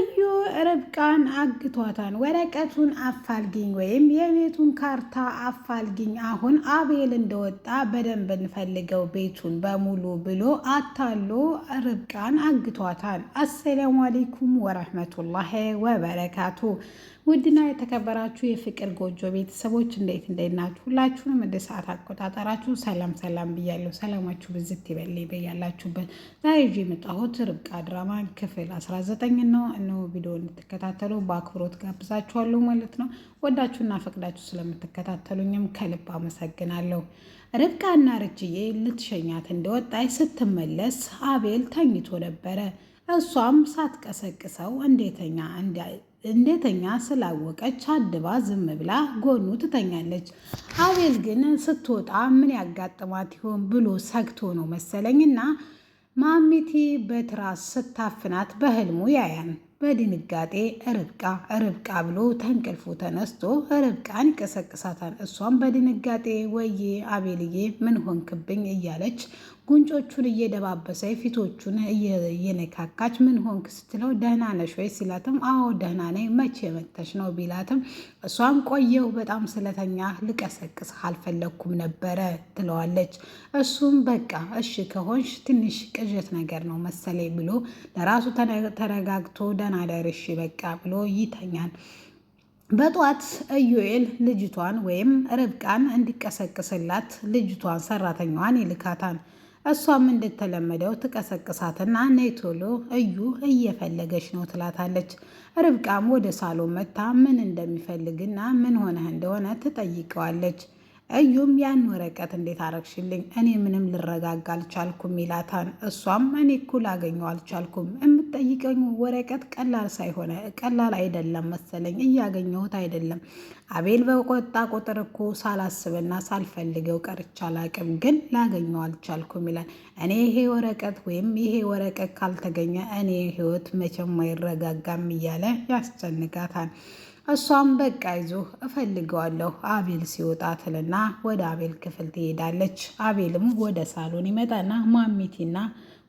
እዩ ርብቃን አግቷታን ወረቀቱን አፋልግኝ ወይም የቤቱን ካርታ አፋልግኝ፣ አሁን አቤል እንደወጣ በደንብ እንፈልገው ቤቱን በሙሉ ብሎ አታሎ ርብቃን አግቷታን። አሰላሙ አሌይኩም ወረህመቱላሂ ወበረካቱ። ውድና የተከበራችሁ የፍቅር ጎጆ ቤተሰቦች እንዴት እንዴት ናችሁ? ሁላችሁንም እንደ ሰዓት አቆጣጠራችሁ ሰላም ሰላም ብያለሁ። ሰላማችሁ ብዝት ይበል በያላችሁበት። ዛሬ ይዤ የመጣሁት ርብቃ ድራማ ክፍል 19 ነው። ነው ቪዲዮ እንድትከታተሉ በአክብሮት ጋብዛችኋለሁ ማለት ነው። ወዳችሁና ፈቅዳችሁ ስለምትከታተሉኝም ከልብ አመሰግናለሁ። ርብቃና ርችዬ ልትሸኛት እንደወጣች ስትመለስ አቤል ተኝቶ ነበረ። እሷም ሳትቀሰቅሰው እንዴተኛ እንዴተኛ ስላወቀች አድባ ዝም ብላ ጎኑ ትተኛለች። አቤል ግን ስትወጣ ምን ያጋጥማት ይሆን ብሎ ሰግቶ ነው መሰለኝና ማሚቲ በትራስ ስታፍናት በህልሙ ያያን በድንጋጤ ርብቃ ርብቃ ብሎ ተንቅልፉ ተነስቶ ርብቃን ይቀሰቅሳታል። እሷም በድንጋጤ ወይዬ አቤልዬ ምን ሆንክብኝ እያለች ጉንጮቹን እየደባበሰ ፊቶቹን እየነካካች ምን ሆንክ ስትለው ደህና ነሽ ወይ ሲላትም አዎ ደህና ነኝ፣ መቼ መተሽ ነው ቢላትም እሷም ቆየው በጣም ስለተኛ ልቀሰቅስ አልፈለግኩም ነበረ ትለዋለች። እሱም በቃ እሺ ከሆንሽ ትንሽ ቅዠት ነገር ነው መሰለኝ ብሎ ለራሱ ተረጋግቶ ደህና ደርሽ በቃ ብሎ ይተኛል። በጧት ኢዩኤል ልጅቷን ወይም ርብቃን እንዲቀሰቅስላት ልጅቷን ሰራተኛዋን ይልካታል። እሷም እንደተለመደው ትቀሰቅሳትና ነይ ቶሎ እዩ እየፈለገች ነው ትላታለች። ርብቃም ወደ ሳሎን መታ ምን እንደሚፈልግና ምን ሆነህ እንደሆነ ትጠይቀዋለች። እዩም ያን ወረቀት እንዴት አረግሽልኝ? እኔ ምንም ልረጋጋ አልቻልኩም ይላታን። እሷም እኔ እኮ ላገኘው አልቻልኩም፣ የምጠይቀኝ ወረቀት ቀላል ሳይሆነ ቀላል አይደለም መሰለኝ እያገኘሁት አይደለም። አቤል በቆጣ ቁጥር እኮ ሳላስብና ሳልፈልገው ቀርቻ አላቅም፣ ግን ላገኘው አልቻልኩም ይላል። እኔ ይሄ ወረቀት ወይም ይሄ ወረቀት ካልተገኘ እኔ ህይወት መቼም አይረጋጋም እያለ ያስጨንቃታል። እሷም በቃ ይዞ እፈልገዋለሁ አቤል ሲወጣ ትልና ወደ አቤል ክፍል ትሄዳለች። አቤልም ወደ ሳሎን ይመጣና ማሚቲና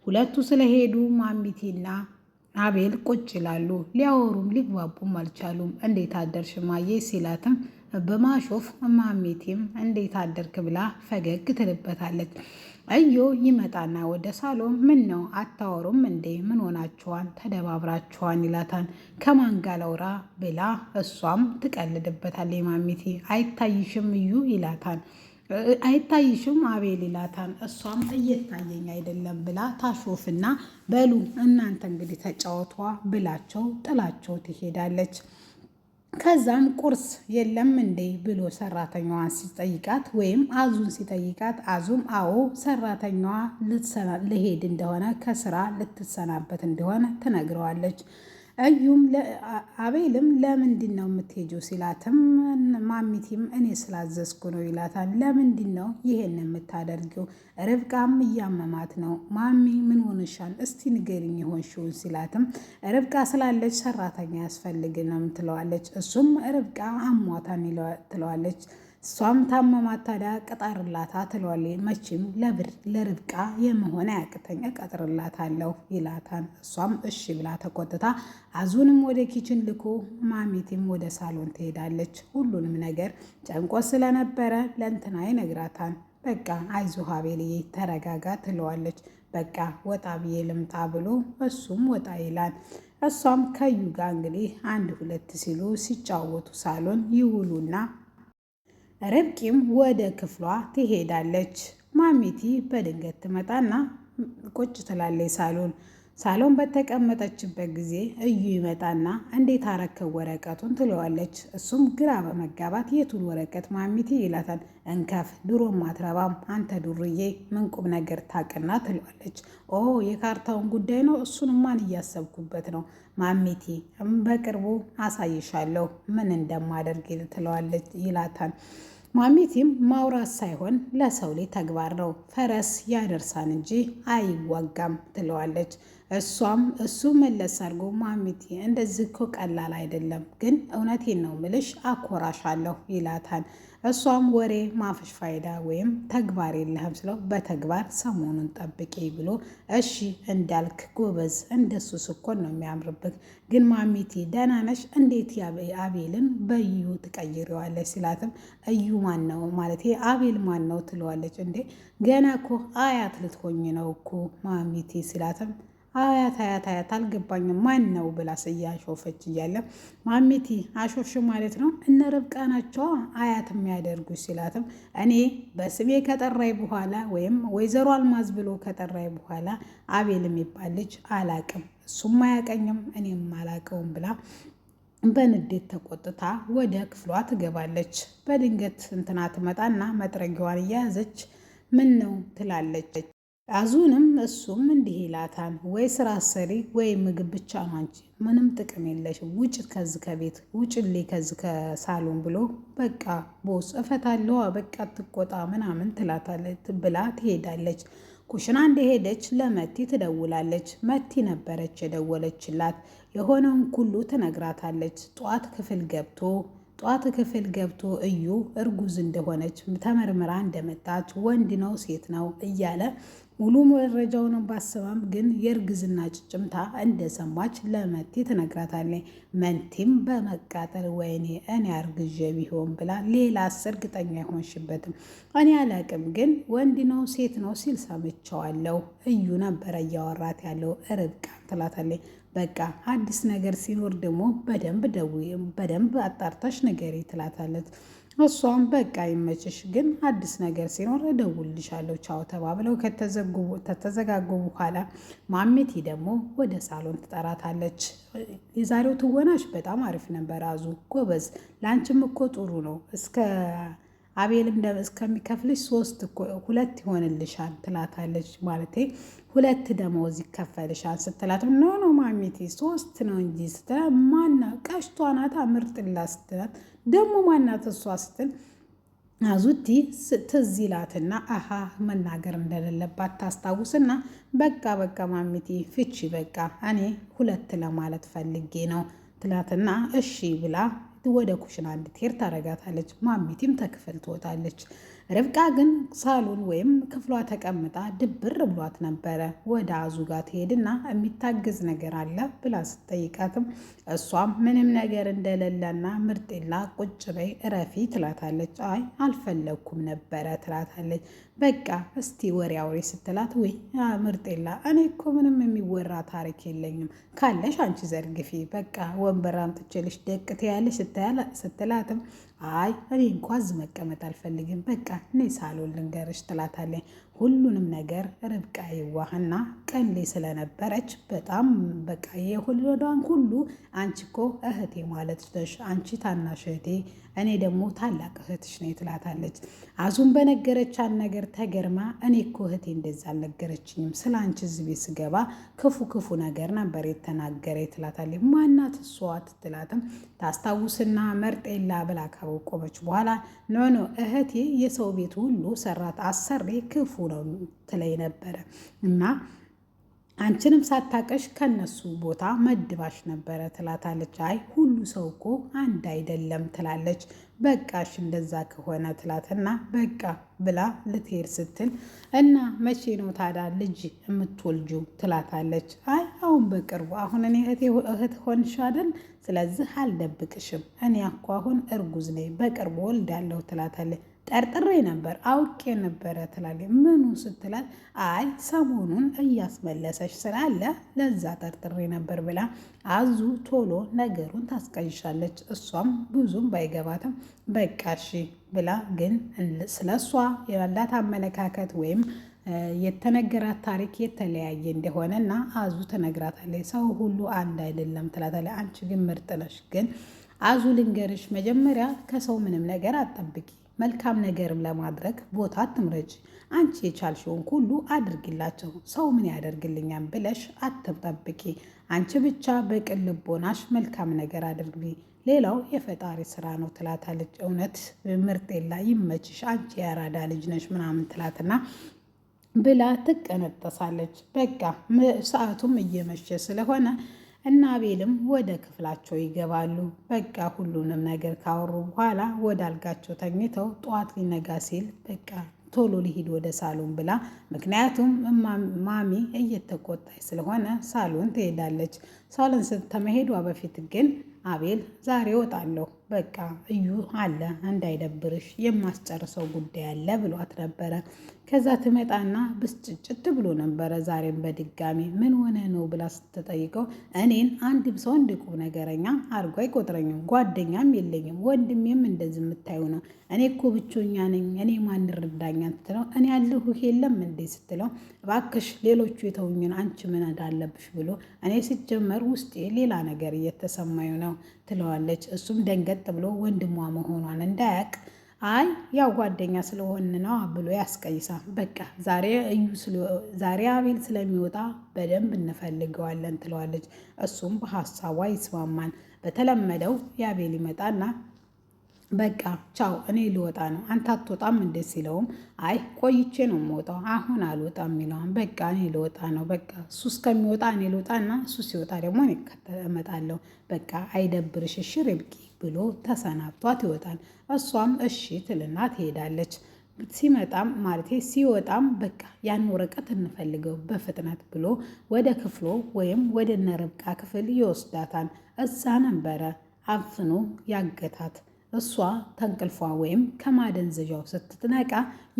ሁለቱ ስለሄዱ ማሚቲና አቤል ቁጭ ይላሉ። ሊያወሩም ሊግባቡም አልቻሉም። እንዴት አደርሽ ማዬ ሲላትም በማሾፍ ማሚቲም እንዴት አደርክ ብላ ፈገግ ትልበታለች። እዮ ይመጣና ወደ ሳሎም ምን ነው አታወሩም እንዴ? ምን ሆናችኋል? ተደባብራችኋን? ይላታል። ከማን ጋር ላውራ ብላ እሷም ትቀልድበታል። የማሚቲ አይታይሽም እዩ ይላታል። አይታይሽም አቤል ይላታል። እሷም እየታየኝ አይደለም ብላ ታሾፍና በሉ እናንተ እንግዲህ ተጫወቷ ብላቸው ጥላቸው ትሄዳለች። ከዛም ቁርስ የለም እንዴ ብሎ ሰራተኛዋን ሲጠይቃት ወይም አዙን ሲጠይቃት አዙም አዎ ሰራተኛዋ ልሄድ እንደሆነ ከስራ ልትሰናበት እንደሆነ ትነግረዋለች። እዩም አቤልም ለምንድን ነው የምትሄጂው ሲላትም ማሚቲም እኔ ስላዘዝኩ ነው ይላታል። ለምንድን ነው ይሄን የምታደርጊው? ርብቃም እያመማት ነው። ማሚ ምን ሆንሻል? እስቲ ንገሪኝ የሆንሽውን ሲላትም ርብቃ ስላለች ሰራተኛ ያስፈልግ ነው ትለዋለች። እሱም ርብቃ አሟታን ትለዋለች። እሷም ታመማት ታዲያ ቅጠርላታ ትለዋለች። መቼም ለብር ለርብቃ የመሆን አያቅተኝ እቀጥርላታለሁ ይላታል። እሷም እሺ ብላ ተቆጥታ አዙንም ወደ ኪችን ልኮ ማሚቴም ወደ ሳሎን ትሄዳለች። ሁሉንም ነገር ጨንቆ ስለነበረ ለእንትና ይነግራታል። በቃ አይዞ ሀቤልዬ ተረጋጋ ትለዋለች። በቃ ወጣ ብዬ ልምጣ ብሎ እሱም ወጣ ይላል። እሷም ከዩ ጋር እንግዲህ አንድ ሁለት ሲሉ ሲጫወቱ ሳሎን ይውሉና ርብቃም ወደ ክፍሏ ትሄዳለች። ማሚቲ በድንገት ትመጣና ቁጭ ትላለች ሳሎን። ሳሎን በተቀመጠችበት ጊዜ እዩ ይመጣና እንዴት አረከው ወረቀቱን ትለዋለች። እሱም ግራ በመጋባት የቱን ወረቀት ማሚቲ ይላታል። እንከፍ ድሮም አትረባም አንተ ዱርዬ ምን ቁም ነገር ታቅና ትለዋለች። ኦ የካርታውን ጉዳይ ነው፣ እሱን ማን እያሰብኩበት ነው ማሚቲ በቅርቡ አሳይሻለሁ ምን እንደማደርግ ትለዋለች ይላታል። ማሚቲም ማውራት ሳይሆን ለሰው ላይ ተግባር ነው፣ ፈረስ ያደርሳን እንጂ አይዋጋም ትለዋለች። እሷም እሱ መለስ አድርጎ ማሚቲ እንደዚህ እኮ ቀላል አይደለም፣ ግን እውነቴን ነው ምልሽ አኮራሻለሁ ይላታል። እሷም ወሬ ማፈሽ ፋይዳ ወይም ተግባር የለህም ስለው በተግባር ሰሞኑን ጠብቄ ብሎ እሺ እንዳልክ ጎበዝ፣ እንደሱ ስኮን ነው የሚያምርበት። ግን ማሚቴ ደህና ነሽ? እንዴት አቤልን በዩ ትቀይረዋለች ሲላትም፣ እዩ ማን ነው ማለት አቤል ማን ነው ትለዋለች። እንዴ ገና እኮ አያት ልትሆኝ ነው እኮ ማሚቴ ሲላትም፣ አያት አያት አያት አልገባኝም ማን ነው ብላ ሾፈች እያለ ማሚቲ አሾፍሽ ማለት ነው እነ ርብቃ ናቸው አያት የሚያደርጉ ሲላትም እኔ በስሜ ከጠራይ በኋላ ወይም ወይዘሮ አልማዝ ብሎ ከጠራይ በኋላ አቤል የሚባል ልጅ አላቅም እሱም አያቀኝም እኔም አላቀውም ብላ በንዴት ተቆጥታ ወደ ክፍሏ ትገባለች። በድንገት እንትና ትመጣና መጥረጊዋን እያያዘች ምን ነው ትላለች። አዙንም እሱም እንዲህ ይላታል፣ ወይ ስራ ሰሪ ወይ ምግብ ብቻ ነው አንቺ ምንም ጥቅም የለሽም፣ ውጭ ከዚ ከቤት ሌ ከዚ ከሳሎን ብሎ በቃ ቦስ አለዋ በቃ ትቆጣ ምናምን ትላታለች ብላ ትሄዳለች። ኩሽና እንደሄደች ለመቲ ትደውላለች። መቲ ነበረች የደወለችላት። የሆነውን ሁሉ ትነግራታለች። ጠዋት ክፍል ገብቶ ጧት ክፍል ገብቶ እዩ እርጉዝ እንደሆነች ተመርምራ እንደመጣች ወንድ ነው ሴት ነው እያለ ሙሉ መረጃውን ባሰማም ግን የእርግዝና ጭጭምታ እንደሰማች ለመቲ ትነግራታለች። መንቲም በመቃጠል ወይኔ እኔ አርግዤ ቢሆን ብላ አስር እርግጠኛ አይሆንሽበትም እኔ አላቅም፣ ግን ወንድ ነው ሴት ነው ሲል ሰምቼዋለሁ እዩ ነበረ እያወራት ያለው ርብቃ ትላታለች። በቃ አዲስ ነገር ሲኖር ደግሞ በደንብ ደውዬ በደንብ አጣርታሽ ንገሪ ትላታለች። እሷም በቃ ይመችሽ፣ ግን አዲስ ነገር ሲኖር እደውልልሻለሁ ቻው ተባብለው ከተዘጋጉ በኋላ ማሜቲ ደግሞ ወደ ሳሎን ትጠራታለች። የዛሬው ትወናሽ በጣም አሪፍ ነበር አዙ፣ ጎበዝ፣ ለአንቺም እኮ ጥሩ ነው እስከ አቤልም እስከሚከፍልሽ ሶስት ሁለት ይሆንልሻል ትላታለች። ማለቴ ሁለት ደመወዝ ይከፈልሻል ስትላት ኖ ኖ ማሚቴ ሶስት ነው እንጂ ስትላት ማና ቀሽቷ ናታ ምርጥላ ስትላት ደግሞ ማናት እሷ ስትል አዙቲ ትዝ ይላትና አሃ መናገር እንደሌለባት ታስታውስና በቃ በቃ ማሚቴ ፍቺ በቃ እኔ ሁለት ለማለት ፈልጌ ነው ትላትና እሺ ብላ ወደ ኩሽና እንድትሄድ ታረጋታለች። ማሚቲም ተክፍል ትወጣለች። ርብቃ ግን ሳሎን ወይም ክፍሏ ተቀምጣ ድብር ብሏት ነበረ። ወደ አዙ ጋር ትሄድና የሚታገዝ ነገር አለ ብላ ስትጠይቃትም እሷም ምንም ነገር እንደሌለና ምርጤላ ቁጭ በይ እረፊ ትላታለች። አይ አልፈለግኩም ነበረ ትላታለች። በቃ እስቲ ወሬ አውሪ ስትላት ወይ ምርጤላ እኔ እኮ ምንም የሚወራ ታሪክ የለኝም ካለሽ አንቺ ዘርግፊ፣ በቃ ወንበር አምጥቼልሽ ደቅቴ ስትላትም አይ እኔ እንኳ እዚህ መቀመጥ አልፈልግም፣ በቃ እኔ ሳሎን ልንገርሽ ትላታለች። ሁሉንም ነገር ርብቃ የዋህና ቀሌ ስለነበረች በጣም በቃ የሆዷን ሁሉ አንቺ እኮ እህቴ ማለት ነሽ፣ አንቺ ታናሽ እህቴ፣ እኔ ደግሞ ታላቅ እህትሽ ነኝ ትላታለች። አዙም በነገረቻት ነገር ተገርማ እኔ እኮ እህቴ እንደዛ አልነገረችኝም፣ ስለ አንቺ እዚህ ቤት ስገባ ክፉ ክፉ ነገር ነበር የተናገረ ትላታለች። ማናት እሷ ትላትም ታስታውስና መርጤላ ብላ ካወቆመች በኋላ ኖኖ እህቴ የሰው ቤት ሁሉ ሰራት አሰሬ ክፉ ነው ትለይ ነበረ እና አንቺንም ሳታቀሽ ከነሱ ቦታ መድባሽ ነበረ ትላታለች። አይ ሁሉ ሰው እኮ አንድ አይደለም ትላለች። በቃሽ እንደዛ ከሆነ ትላትና በቃ ብላ ልትሄድ ስትል እና መቼ ነው ታዲያ ልጅ የምትወልጁ ትላታለች። አይ አሁን በቅርቡ አሁን እኔ እህት ሆንሽ አይደል? ስለዚህ አልደብቅሽም። እኔ እኮ አሁን እርጉዝ ነኝ፣ በቅርቡ ወልዳለሁ ትላታለች። ጠርጥሬ ነበር አውቄ ነበረ ትላለች። ምኑ ስትላት አይ ሰሞኑን እያስመለሰች ስላለ ለዛ ጠርጥሬ ነበር ብላ አዙ ቶሎ ነገሩን ታስቀይሻለች። እሷም ብዙም ባይገባትም በቃ ብላ ግን ስለ እሷ ያላት አመለካከት ወይም የተነገራት ታሪክ የተለያየ እንደሆነ እና አዙ ተነግራታለች። ሰው ሁሉ አንድ አይደለም ትላታለች። አንቺ ግን ምርጥ ነሽ። ግን አዙ ልንገርሽ መጀመሪያ ከሰው ምንም ነገር አጠብቂ መልካም ነገርም ለማድረግ ቦታ አትምረጭ። አንቺ የቻልሽውን ሁሉ አድርጊላቸው። ሰው ምን ያደርግልኛም ብለሽ አትጠብቂ። አንቺ ብቻ በቅን ልቦናሽ መልካም ነገር አድርጊ፣ ሌላው የፈጣሪ ስራ ነው ትላታለች። እውነት ምርጤላ ይመችሽ፣ አንቺ የአራዳ ልጅ ነሽ ምናምን ትላትና ብላ ትቀነጠሳለች። በቃ ሰዓቱም እየመሸ ስለሆነ እና አቤልም ወደ ክፍላቸው ይገባሉ። በቃ ሁሉንም ነገር ካወሩ በኋላ ወደ አልጋቸው ተኝተው ጠዋት ሊነጋ ሲል በቃ ቶሎ ሊሂድ ወደ ሳሎን ብላ፣ ምክንያቱም ማሚ እየተቆጣች ስለሆነ ሳሎን ትሄዳለች። ሳሎን ስትመሄዷ በፊት ግን አቤል ዛሬ እወጣለሁ በቃ እዩ አለ እንዳይደብርሽ የማስጨርሰው ጉዳይ አለ ብሏት ነበረ። ከዛ ትመጣና ብስጭጭት ብሎ ነበረ። ዛሬም በድጋሚ ምን ሆነ ነው ብላ ስትጠይቀው እኔን አንድም ሰው እንደ ነገረኛ አድርጎ አይቆጥረኝም፣ ጓደኛም የለኝም፣ ወንድሜም እንደዚህ የምታዩ ነው። እኔ እኮ ብቸኛ ነኝ፣ እኔ ማን ርዳኛ ስትለው እኔ ያለሁ የለም እንዴ ስትለው እባክሽ ሌሎቹ የተውኝን አንቺ ምን እንዳለብሽ ብሎ እኔ ሲጀመር ውስጤ ሌላ ነገር እየተሰማዩ ነው ትለዋለች። እሱም ደንገ ደንገጥ ብሎ ወንድሟ መሆኗን እንዳያቅ አይ ያው ጓደኛ ስለሆን ነው ብሎ ያስቀይሳ። በቃ ዛሬ እዩ ዛሬ አቤል ስለሚወጣ በደንብ እንፈልገዋለን ትለዋለች። እሱም በሀሳቧ ይስማማል። በተለመደው የአቤል ይመጣና በቃ ቻው እኔ ልወጣ ነው አንተ አትወጣም እንደ ሲለውም አይ ቆይቼ ነው የምወጣው አሁን አልወጣም ይለዋል። በቃ እኔ ልወጣ ነው በቃ እሱ እስከሚወጣ እኔ ልወጣና እሱ ሲወጣ ደግሞ እኔ እመጣለሁ። በቃ አይደብርሽ እሺ ርብቃ ብሎ ተሰናብቷት ይወጣል። እሷም እሺ ትልና ትሄዳለች። ሲመጣም ማለቴ ሲወጣም በቃ ያን ወረቀት እንፈልገው በፍጥነት ብሎ ወደ ክፍሎ ወይም ወደ ነርብቃ ክፍል ይወስዳታል። እዛ ነበረ አፍኖ ያገታት። እሷ ተንቅልፏ ወይም ከማደንዘዣው ስትነቃ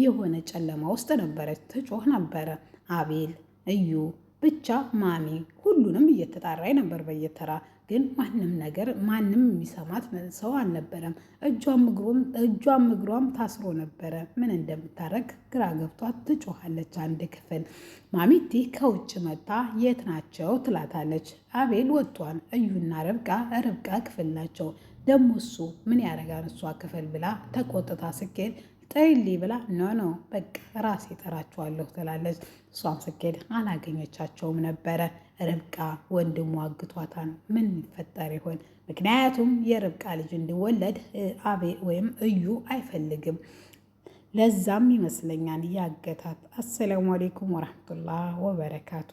የሆነ ጨለማ ውስጥ ነበረች። ትጮህ ነበረ አቤል እዩ ብቻ ማሚ ሁሉንም እየተጣራይ ነበር በየተራ ግን ማንም ነገር ማንም የሚሰማት ሰው አልነበረም። እጇም እግሯም ታስሮ ነበረ። ምን እንደምታረግ ግራ ገብቷ ትጮኋለች። አንድ ክፍል ማሚቲ ከውጭ መጣ። የት ናቸው ትላታለች። አቤል ወጥቷል። እዩና ረብቃ ርብቃ ክፍል ናቸው። ደሞ እሱ ምን ያደርጋል እሷ ክፍል ብላ ተቆጥታ ስኬል ጥሪልኝ ብላ ኖ ኖ በቃ ራሴ እጠራችኋለሁ ትላለች። እሷም ስትሄድ አላገኘቻቸውም ነበረ። ርብቃ ወንድሟ አግቷታል። ምን ይፈጠር ይሆን? ምክንያቱም የርብቃ ልጅ እንዲወለድ አቤ ወይም እዩ አይፈልግም። ለዛም ይመስለኛል ያገታት። አሰላሙ አሌይኩም ወረህመቱላህ ወበረካቱ